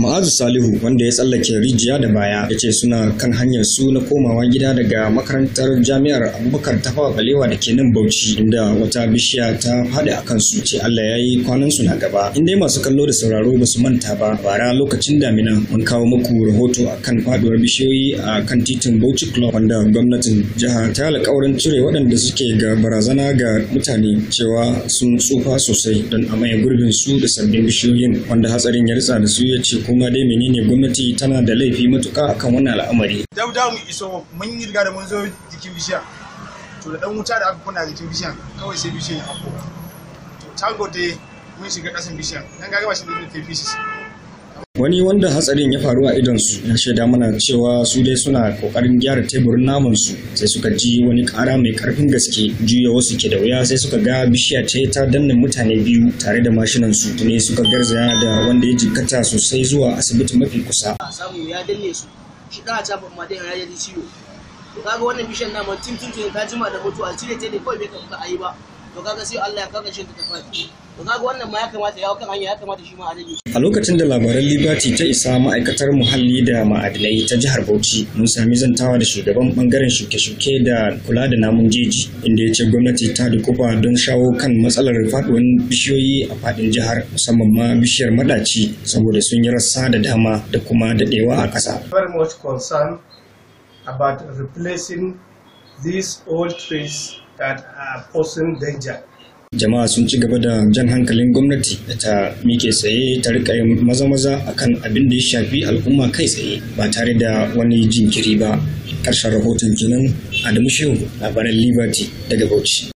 Ma'azu Salihu wanda ya tsallake rijiya da baya ya ce suna kan hanyar su na komawa gida daga makarantar jami'ar Abubakar tafa balewa da ke nan Bauchi inda wata bishiya ta faɗi a kansu ce Allah ya yi kwanan su na gaba. Inda dai masu kallo da sauraro ba su manta ba bara lokacin damina mun kawo muku rahoto a kan faduwar bishiyoyi a kan titin Bauchi Club wanda gwamnatin jiha ta alƙawarin cire waɗanda suke ga barazana ga mutane cewa sun tsufa sosai don a maye gurbin su da sabbin bishiyoyin wanda hatsarin ya ritsa da su ya ce kuma dai menene gwamnati tana da laifi matuka akan wannan al'amari da da mu iso mun yi riga da mun zo jikin bishiya to da dan wuta da aka kunna jikin bishiyan kawai sai bishiyan ya to ta dai mun shiga kasan bishiyan dan ga ba shi da pieces wani wanda hatsarin ya faru a idonsu ya shaida mana cewa su dai suna kokarin gyara teburin su sai suka ji wani kara mai karfin gaske juya wasu ke da wuya sai suka ga bishiya ce ta danna mutane biyu tare da mashinan su ne suka garzaya da wanda ya jikata sosai zuwa asibiti mafi kusa samu ya danne su shi da ta ma dai ya ji ciwo to kaga wannan bishiyar naman tun ta jima da mutuwa cire ta da kawai bai ka ayi ba a lokacin da labaran Libati ta isa ma'aikatar muhalli da ma'adinai ta jihar Bauchi mun sami zantawa da shugaban bangaren shuke-shuke da kula da namun jeji inda ya ce gwamnati ta dukufa don shawo kan matsalar faduwan bishiyoyi a fadin jihar musamman ma bishiyar madaci saboda sun yi rasa da dama da kuma dadewa a ƙasa. Very much concerned about replacing these old trees that are posing danger. Jama'a sun ci gaba da jan hankalin gwamnati da ta mike tsaye ta rika yin maza-maza akan abin da ya shafi al'umma kai tsaye ba tare da wani jinkiri ba. Ƙarshen rahoton kenan Adamu Shehu labaran Liberty daga Bauchi.